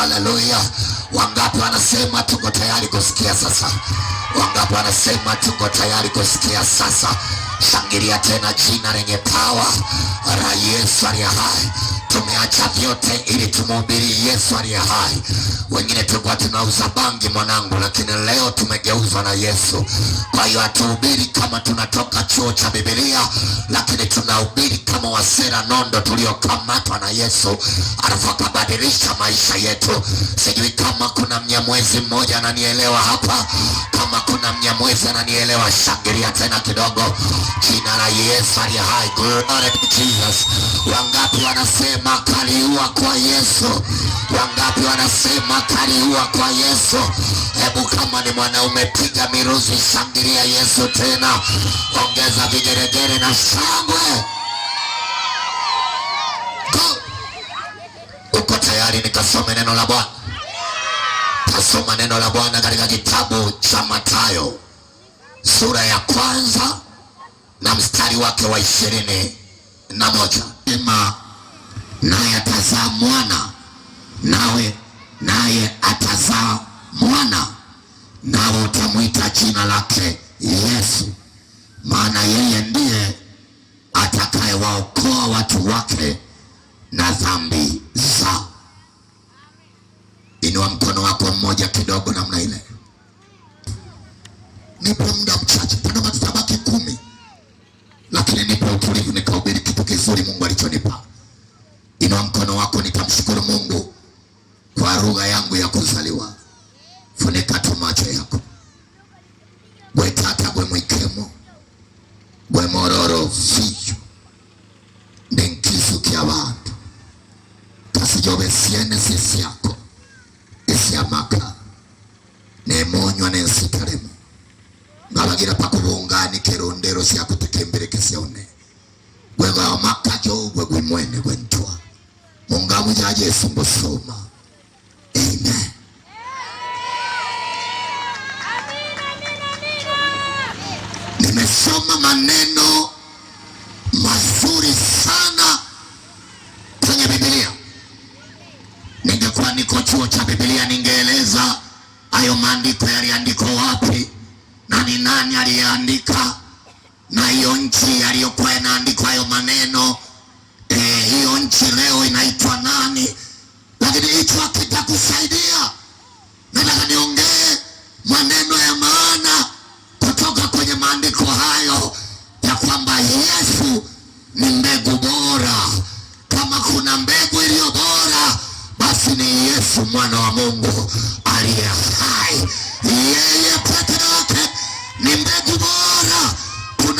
Haleluya! Wangapi wanasema tuko tayari kusikia sasa? Wangapi wanasema tuko tayari kusikia sasa? Shangilia tena jina lenye pawa la Yesu aliye hai. Tumeacha vyote ili tumhubiri Yesu aliye hai. Wengine tulikuwa tunauza bangi mwanangu, lakini leo tumegeuzwa na Yesu. Kwa hiyo hatuhubiri kama tunatoka chuo cha Biblia, lakini tunahubiri kama wasera nondo tuliokamatwa na Yesu, alafu akabadilisha maisha yetu. Sijui kama kuna mnyamwezi mmoja ananielewa hapa, kama kuna mnyamwezi ananielewa, shangilia tena kidogo. Jina la Yesu aliye hai, glory to Jesus. Wangapi wanasema kaliua kwa Yesu? Wangapi wanasema kaliua kwa Yesu? Hebu kama ni mwanaume, piga miruzi, shangilia Yesu tena, ongeza vigeregere na shangwe. Uko tayari nikasome neno la Bwana? Tasoma neno la Bwana katika kitabu cha Mathayo sura ya kwanza na mstari wake wa ishirini na moja sema naye atazaa mwana nawe naye atazaa mwana nawe utamwita jina lake Yesu, maana yeye ndiye atakayewaokoa watu wake na dhambi zao. Inua mkono wako mmoja kidogo namna ile, nipo muda mchache kizuri Mungu alichonipa. Inua mkono wako nitamshukuru Mungu kwa lugha yangu ya kuzaliwa. Funika tu macho yako. Weka gwegwao makajo gwegwimwene gwentwa mungamu ja jesu ngusuma amen nimesoma maneno mazuri sana kwenye Biblia. Ningekuwa niko chuo cha Biblia, ningeeleza hayo maandiko yaliandikwa wapi na ni nani aliyeandika na hiyo nchi aliyokuwa inaandikwa hayo maneno e, hiyo nchi leo inaitwa nani? Lakini hicho hakitakusaidia. Nataka niongee maneno ya maana kutoka kwenye maandiko hayo ya kwamba Yesu ni mbegu bora. Kama kuna mbegu iliyo bora, basi ni Yesu mwana wa Mungu aliye hai, yeye pekee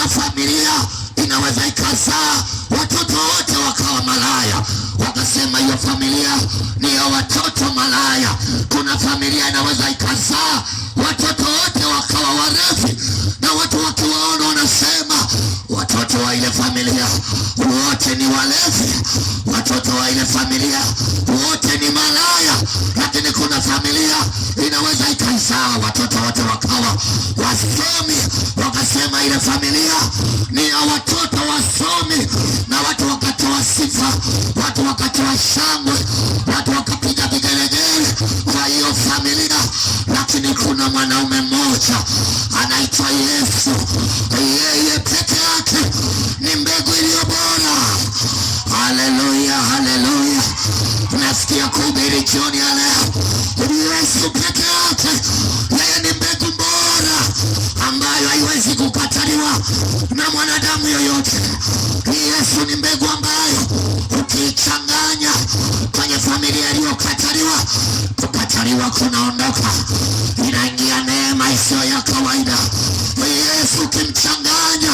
familia inaweza ikazaa watoto wote wakawa malaya, wakasema hiyo familia ni ya watoto malaya. Kuna familia inaweza ikazaa watoto wote wakawa warefi, na watu wakiwaona wanasema watoto wa ile familia wote ni walevi, watoto wa ile familia wote ni malaya. Lakini kuna familia inaweza ikazaa watoto wote wakawa wasomi ile familia ni ya watoto mbegu yoyote. Hii Yesu ni mbegu ambayo ukiichanganya kwenye familia iliyokataliwa, kukataliwa kunaondoka, inaingia neema isiyo ya kawaida. Hii Yesu ukimchanganya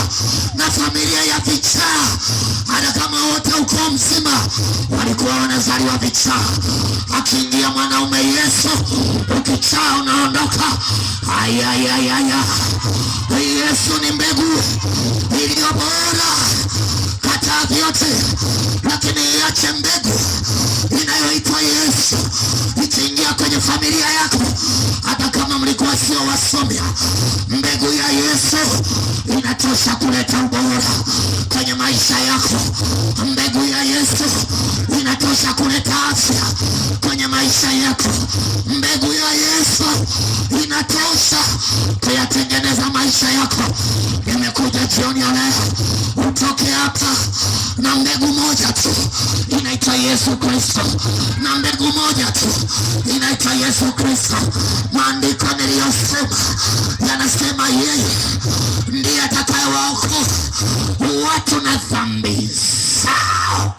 na familia ya vichaa. Hata kama wote uko mzima walikuwa wanazaliwa vichaa, akiingia mwanaume Yesu, ukichaa unaondoka. Ayayayaya, Yesu ni mbegu iliyo bora. Kataa yote, lakini iache mbegu inayoitwa Yesu ikiingia kwenye familia yako, hata kama mlikuwa sio wasomi, mbegu ya Yesu inatosha kuleta ubora kwenye maisha yako. Mbegu ya Yesu inatosha kuleta afya kwenye maisha yako kabisa kuyatengeneza maisha yako. Nimekuja jioni ya leo utoke hapa na mbegu moja tu inaitwa Yesu Kristo, na mbegu moja tu inaitwa Yesu Kristo. Maandiko niliyosema yanasema yeye ndiye atakayewaokoa watu na dhambi zao.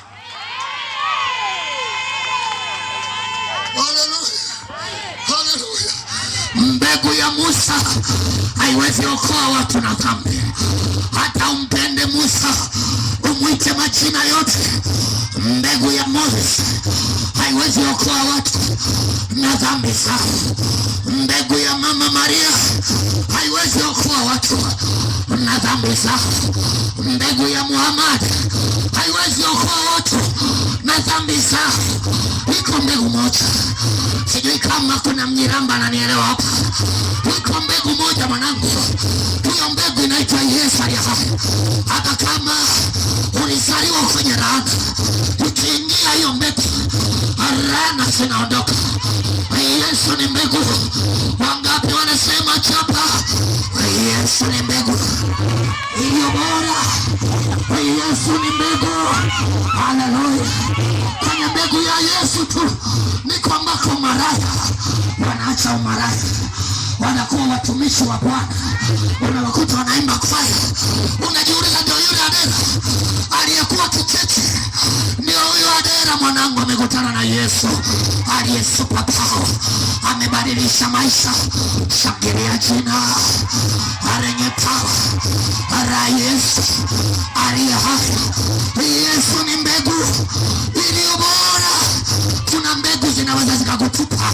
mbegu ya Musa haiwezi okoa watu na dhambi. Hata umpende Musa, umwite majina yote, mbegu ya Moses haiwezi okoa watu na dhambi zao. Mbegu ya Mama Maria haiwezi okoa watu na dhambi zao. Mbegu ya Muhammad haiwezi okoa watu na dhambi zao. Iko mbegu moja Sijui kama kuna Mnyiramba ananielewa hapa. Iko mbegu moja mwanangu, hiyo mbegu inaitwa Yesu. Hata kama ulizaliwa kwenye laana, ukiingia hiyo mbegu, laana zinaondoka. Yesu ni mbegu. Wangapi wanasema chapa? Yesu ni mbegu iliyo bora. Yesu ni mbegu. Haleluya. yao maradhi, wanakuwa watumishi wa Bwana, unawakuta wanaimba kwaya, unajiuliza ndio yule Adera aliyekuwa kicheche? Ndio huyo Adera mwanangu, amekutana na Yesu aliye super power, amebadilisha maisha. Shangilia jina arenye power ara Yesu aliye hai. Yesu ni mbegu iliyo kuna mbegu zinaweza zikakutupa,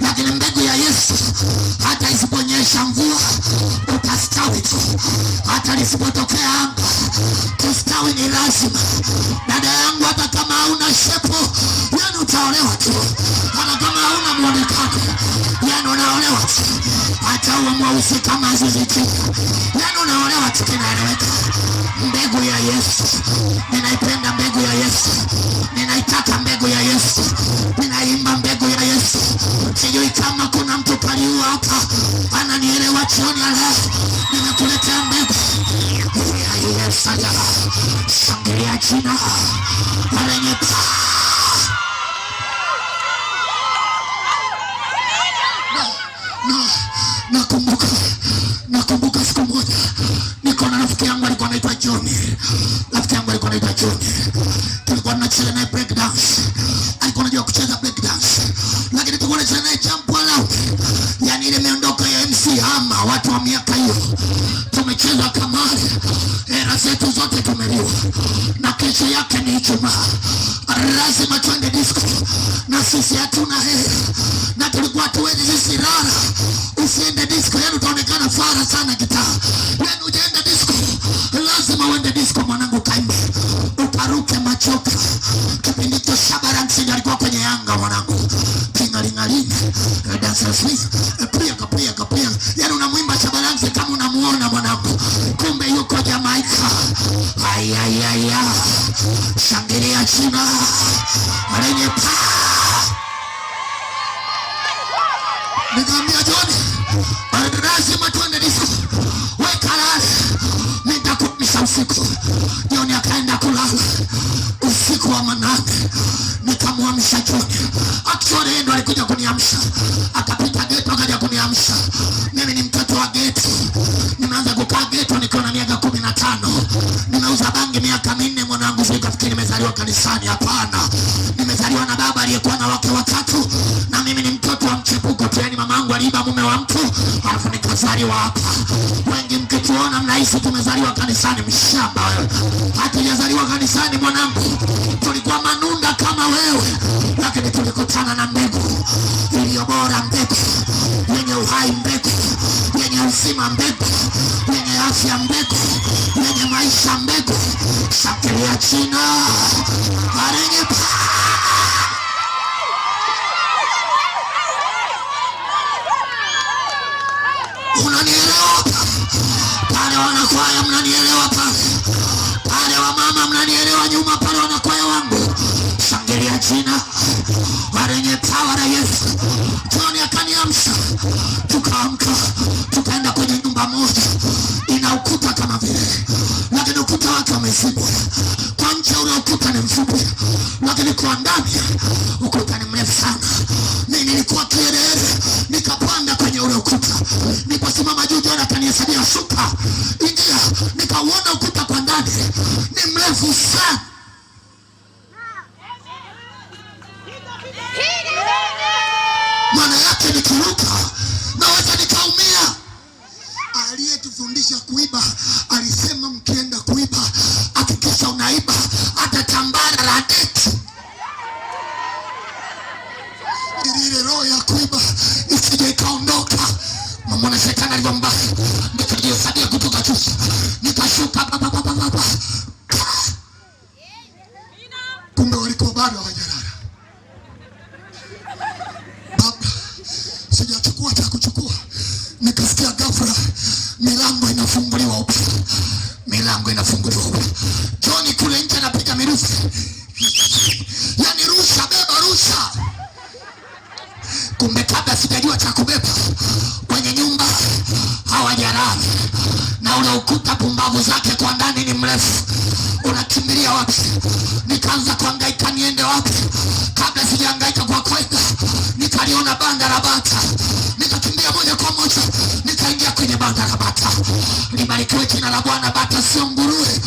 lakini mbegu ya Yesu hata isiponyesha mvua utastawi tu, hata lisipotokea anga kustawi ni lazima. Dada yangu, hata kama hauna shepo, yani utaolewa tu. Hata kama hauna mwonekano, yani unaolewa tu. Hata uwe mweusi kama yani unaolewa tu, kinaeleweka mbegu ya Yesu. Ninaipenda mbegu ya Yesu, ninaitaka mbegu ya Yesu, ninaimba mbegu ya Yesu. Sijui kama kuna mtu paliua hapa ananielewa jioni ya leo. Nimekuletea mbegu ya Yesu. Shangilia jina lenye nakumbuka anaitwa Joni. Rafiki yangu alikuwa anaitwa Joni, tulikuwa tunacheza naye break dance, alikuwa anajua kucheza break dance, lakini tulikuwa tunacheza naye jump around, yani ile miondoko ya MC ama watu wa miaka hiyo. Tumecheza kama era zetu zote tumeliwa, na kesho yake ni Ijumaa, lazima twende disco, na sisi hatuna hela na tulikuwa tuwezi sisi rara, usiende disco, yani utaonekana fara sana kitaa, yani ujaenda lazima uende disco mwanangu, kaimbe uparuke machoka. Kipindi cha Shabaransi alikuwa kwenye Yanga mwanangu, pia kapia kapia, yani unamwimba kama unamuona mwanangu, kumbe yuko Ayayaya, shangilia china lenye nikaambia lazima tuende disco usiku, jioni akaenda kulala usiku wa manake nikamwamsha Joni. Actually yeye ndo alikuja kuniamsha, akapita geto akaja kuniamsha. Mimi ni mtoto wa geto, nimeanza kukaa geto nikiwa na miaka kumi na tano. Nimeuza bangi miaka minne mwanangu, sio kafikiri nimezaliwa kanisani. Hapana, nimezaliwa na baba aliyekuwa na wake watatu, na mimi ni mtoto wa mchepuko tu, yaani mamangu aliiba mume wa mtu alafu nikazaliwa hapa. Wengi mkituona mnahisi tumezaliwa kanisani, mshamba wewe. Hatujazaliwa kanisani mwanangu tulikuwa manunda kama wewe, lakini tulikutana na mbegu iliyo bora, mbegu yenye uhai, mbegu yenye uzima, mbegu yenye afya, mbegu yenye maisha, mbegu shakilia china arenye Unanielewa pale wanakwaya, mnanielewa pale wananielewa nyuma pale wanakwaya wangu, shangilia jina warenye pawa la Yesu. Joni akaniamsha, tukaamka tukaenda kwenye nyumba moja ina ukuta kama vile, lakini ukuta wake umezibwa kwa nje, ule ukuta ni mfupi, lakini kwa ndani ukuta ni mrefu sana. Mi nilikuwa kiereere, nikapanda kwenye ule ukuta, nikasimama juu, Joni akanihesabia shuka, ingia, nikauona ukuta kavu sana. yake nikiruka naweza Aliyetufundisha kuiba alisema mkienda kuiba hakikisha unaiba hata tambara la ili ile roho ya kuiba isije ikaondoka. shetani kutoka chusa nikashuka baba baba baba bado hawajalala. Baba, sijachukua cha kuchukua, nikasikia ghafla milango inafunguliwa upya, milango inafunguliwa upya. Joni kule nje anapiga mirusi kumbe kabla sijajua cha kubeba kwenye nyumba hawajarani, na unaukuta pumbavu zake kwa ndani ni mrefu, unakimbilia wapi? Nikaanza kuangaika niende wapi? Kabla sijaangaika kwa kwenda, nikaliona banda la bata, nikakimbia moja kwa moja, nikaingia kwenye banda la bata. Libarikiwe jina la Bwana. Bata sio ngurue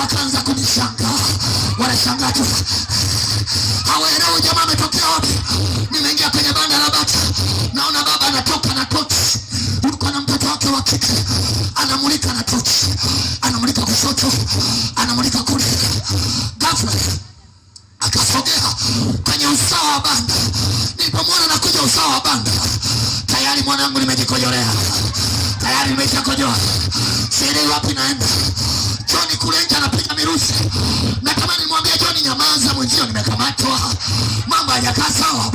wakaanza kunishangaa, wanashangaa tu, hawaelewi jamaa ametokea wapi. kike anamulika na tochi, anamulika kushoto, anamulika kule. Ghafla akasogea kwenye usawa wa banda. Nilipomwona nakuja usawa wa banda, tayari mwanangu nimejikojorea, tayari nimeshakojoa, sielewi wapi naenda. Joni kulenja, nje anapiga mirusi, natamani Mwambie ni nyamaza, mwenzio nimekamatwa. Mambo hayakaa sawa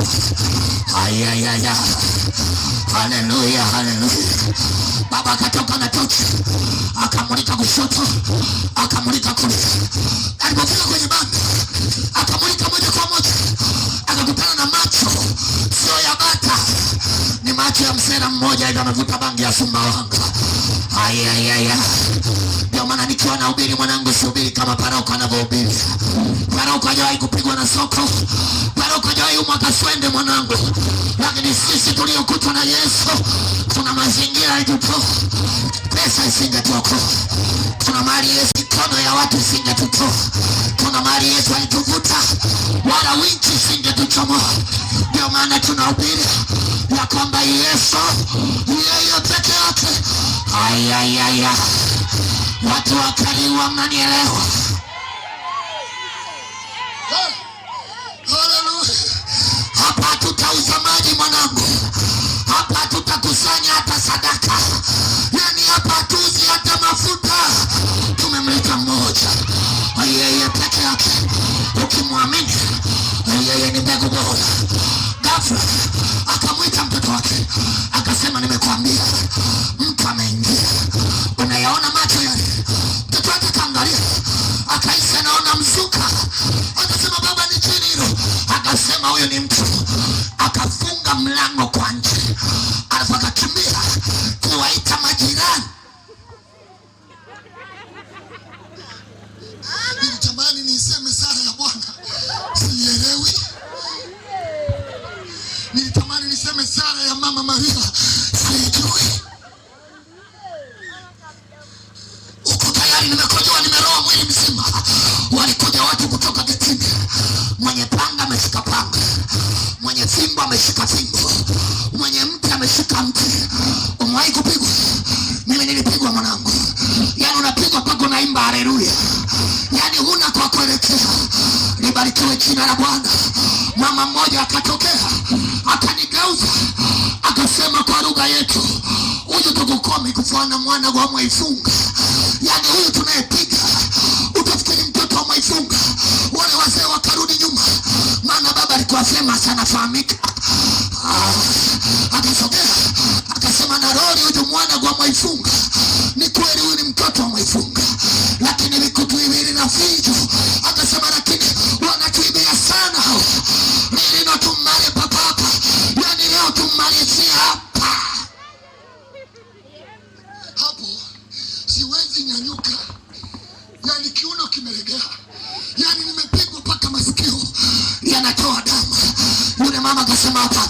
Ayayaya, haleluya, haleluya. Baba akatoka na tochi akamulika kushoto, akamulika kulia. Alipofika kwenye banda akamulika moja kwa moja, akakutana na macho sio ya bata, ni macho ya msera mmoja, ili anavuta bangi ya Sumbawanga. Ayayaya, ndio maana nikiwa nahubiri mwanangu, sihubiri kama paroko anavyohubiri. Paroko hajawahi kupigwa na soko, paroko hajawahi umwa kaswende mwanangu, lakini sisi tuliokutwa na Yesu tuna mazingira yetu, pesa isingetoka, tuna mali Yesu, mikono ya watu isingetoka, tuna mali Yesu alituvuta, wala winchi isingetuchomoa. Ndio maana tunahubiri ya kwamba Yesu yeye Ayayaya, watu wakali wananielewa. Hapa tutauza maji mwanangu, hapa tutakusanya hata sadaka, yani hapa tuzi hata mafuta. Tumemleta mmoja yeye peke yake, ukimwamini yeye ni mbegu bora. Ghafla akamwita mtoto wake, akasema nimekwambia kupigwa mwanangu, yani unapigwa mpaka unaimba haleluya, yani huna kwa kuelekea. Libarikiwe jina la Bwana. Mama mmoja akatokea akanigeuza akasema kwa lugha yetu, huyu tukukome kufana mwana wa Mwaifunga, yani huyu tunayepiga utafikiri mtoto wa Mwaifunga. Wale wazee wakarudi nyuma, maana baba alikuwa sema sanafahamika. Ah, akasogea Anasema na roho huyu mwana gwa Mwaifunga. Ni kweli huyu ni mtoto wa Mwaifunga, lakini vikutu hivi na fijo. Akasema lakini wanatuibia sana hao, lili na tumale papapa, yani leo tumalizia hapa hapo, siwezi nyanyuka, yani kiuno kimelegea, yani nimepigwa mpaka masikio yanatoa damu. Yule mama akasema hapa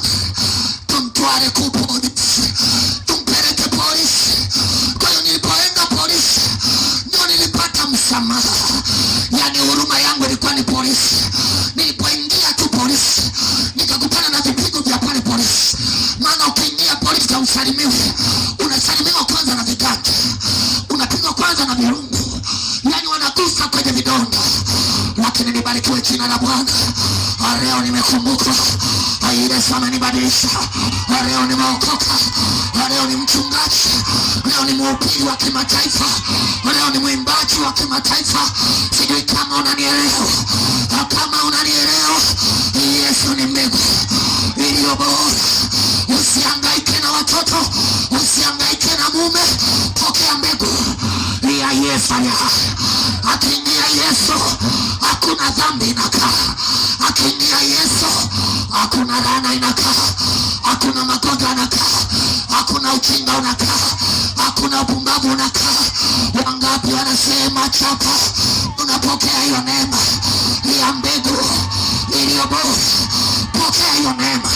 unasalimiwa, unasalimiwa kwanza na vigati, unapigwa kwanza na mirungu, yani wanagusa kwenye vidonda. Lakini nibarikiwe jina la Bwana, ah, leo nimekumbuka ah, ile sana nibadilisha, ah, leo nimeokoka, leo ni mchungaji, leo ni mhubiri wa kimataifa, leo ni mwimbaji wa kimataifa. Sijui kama unanielewa, kama unanielewa, Yesu ni mbegu iliyo bora, usiangalie usiangaike na mume, pokea mbegu ya Yesu. Akiingia Yesu hakuna dhambi inakaa, akiingia Yesu hakuna laana inakaa, hakuna magonjwa inakaa, hakuna uchinga unakaa, hakuna upumbavu unakaa. Wangapi wanasema chapa, unapokea hiyo neema ya mbegu iliyo bora? Pokea hiyo neema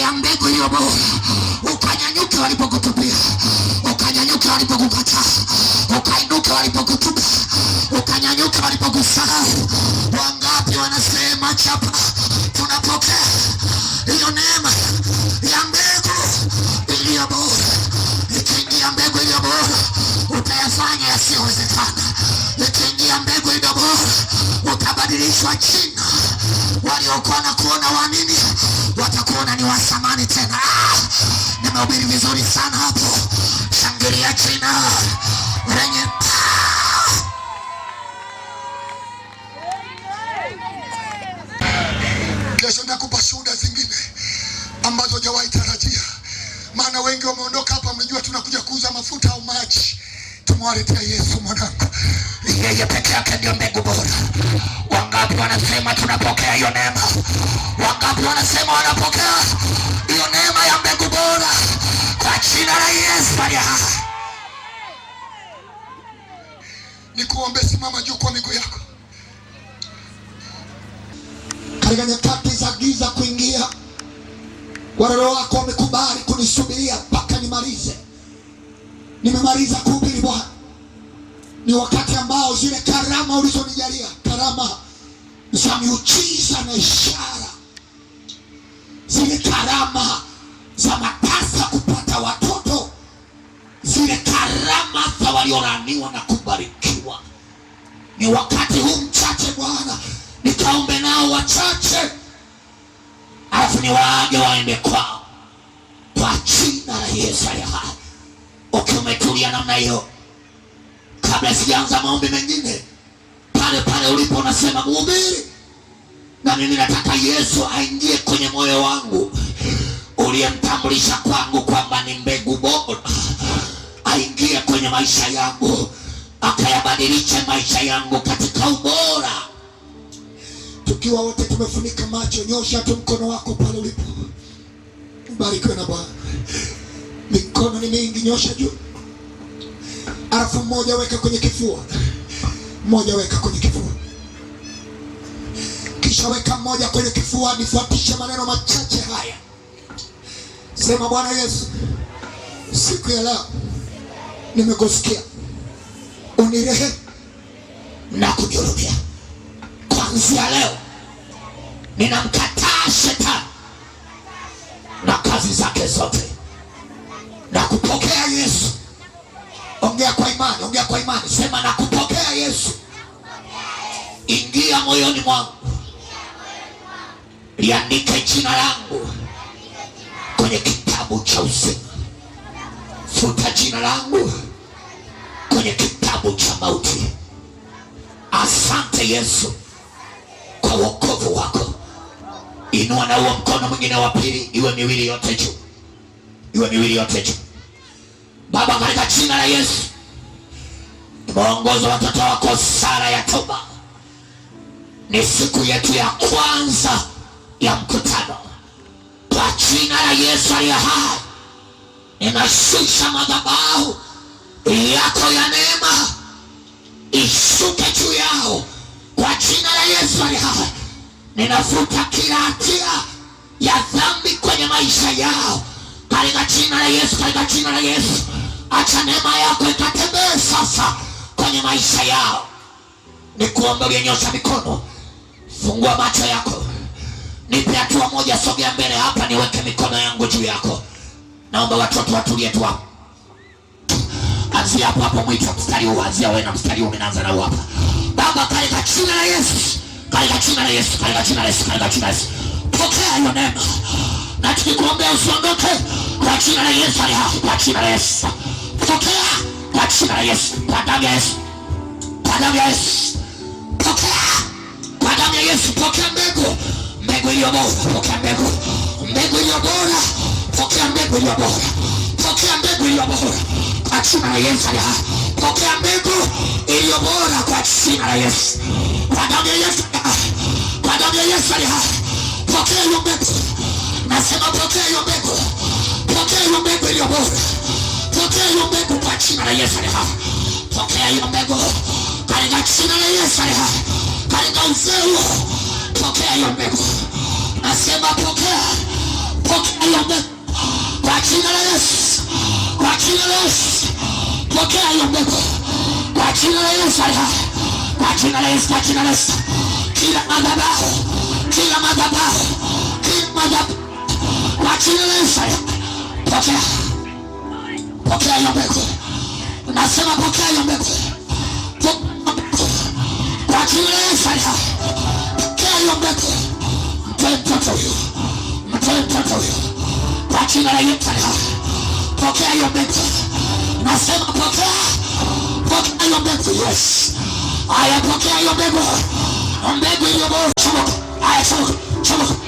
ya mbegu iliyo bora ukanyanyuke walipokutupia, ukanyanyuke walipokukataa, ukainuke walipokutupa, ukanyanyuke walipokusahau. Wangapi wanasema chapa? Tunapokea hiyo neema ya mbegu iliyo bora. Ikiingia mbegu iliyo bora, utayafanya yasiyowezekana ya mbegu ile bora utabadilishwa jina. Waliokuwa na kuona wa waamini watakuona ni wasamani tena. Ah, nimehubiri vizuri sana hapo, shangilia jina lenye Kesho nakupa shuhuda zingine ambazo hujawahi tarajia, maana wengi wameondoka hapa, mlijua tunakuja kuuza mafuta au maji, tumewaletea Yesu mwanangu yeye peke yake ndio mbegu bora. Wangapi wanasema tunapokea hiyo neema? Wangapi wanasema wanapokea hiyo neema ya mbegu bora kwa jina la Yesu aliye hai? Nikuombe, simama juu kwa miguu yako. Katika nyakati za giza kuingia, watoto wako wamekubali kunisubiria mpaka nimalize. Nimemaliza kuhubiri Bwana ni wakati ambao zile karama ulizonijalia, karama za miujiza na ishara, zile karama za matasa kupata watoto, zile karama za walioraniwa na kubarikiwa, ni wakati huu mchache Bwana, nikaombe nao wachache, alafu ni waage waende kwao, kwa jina la Yesu aliye hai. Ukiwa umetulia namna hiyo kabla sijaanza maombi mengine, pale pale ulipo unasema mhubiri, na mimi nataka Yesu aingie kwenye moyo wangu uliyemtambulisha kwangu kwamba ni mbegu bora, aingie kwenye maisha yangu akayabadilisha maisha yangu katika ubora. Tukiwa wote tumefunika macho, nyosha tu mkono wako pale ulipo, mbarikiwe na Bwana. Mikono ni mingi, nyosha juu alafu mmoja weka kwenye kifua, mmoja weka kwenye kifua, kisha weka mmoja kwenye kifua. Nifuatishe maneno machache haya, sema: Bwana Yesu, siku ya leo nimekusikia, unirehe na kujihurumia. Kuanzia leo ninamkataa shetani na kazi zake zote na kupokea Yesu Ongea kwa imani, ongea kwa imani, sema kupokea Yesu, ingia moyoni mwangu, liandike jina langu kwenye kitabu cha uzima, futa jina langu kwenye kitabu cha mauti. Asante Yesu kwa wokovu wako. Inua na huo mkono mwingine wa pili, iwe miwili yote juu, iwe miwili yote juu. Baba, katika jina la Yesu, waongoza watoto wako sala ya toba. Ni siku yetu ya kwanza ya mkutano, kwa jina la Yesu aliye hai, ninashusha madhabahu yako ya neema ishuke juu yao kwa jina la Yesu aliye hai. Ninafuta kila hatia ya dhambi kwenye maisha yao katika jina la Yesu, katika jina la Yesu acha neema yako ikatembee sasa kwenye maisha yao. Ni kuomba ulionyosha mikono, fungua macho yako, nipe hatua moja, sogea mbele hapa, niweke mikono yangu juu yako. Naomba watoto watulie tu hapo, anzia hapo hapo mwitu, mstari huu, anzia wewe na mstari huu, ninaanza na hapa. Baba, katika jina la Yesu, katika jina la Yesu, katika jina la Yesu, katika jina la Yesu, pokea hiyo neema na tukikuombea usiondoke, kwa jina la Yesu, kwa jina la Yesu. Pokea kwa jina la Yesu, kwa damu ya Yesu, kwa damu ya Yesu, pokea kwa damu ya Yesu. Pokea mbegu, mbegu iliyo bora, pokea mbegu, mbegu iliyo bora, pokea mbegu iliyo bora, pokea mbegu iliyo bora kwa jina la Yesu. Pokea mbegu iliyo bora kwa jina la Yesu, kwa damu ya Yesu, kwa damu ya Yesu. Pokea hiyo mbegu, nasema pokea hiyo mbegu, pokea hiyo mbegu iliyo bora Pokea hiyo mbegu kwa jina la Yesu. Pokea hiyo mbegu katika jina la Yesu. Katika uzee huo pokea hiyo mbegu, nasema pokea, pokea hiyo mbegu kwa jina la Yesu, kwa jina la Yesu. Pokea hiyo mbegu kwa jina la Yesu, kwa jina la Yesu, kwa jina la Yesu. Kila madhabahu, kila madhabahu, kila madhabahu kwa jina la Yesu pokea Pokea hiyo mbegu, nasema pokea hiyo mbegu kwa jina la Yesu. Pokea hiyo mbegu, mtoe mtoto huyo, mtoe mtoto huyo kwa jina la Yesu. Pokea hiyo mbegu, nasema pokea, pokea hiyo mbegu. Yes, aya, pokea hiyo mbegu, mbegu iliyo bora. Chama, aya, chama, chama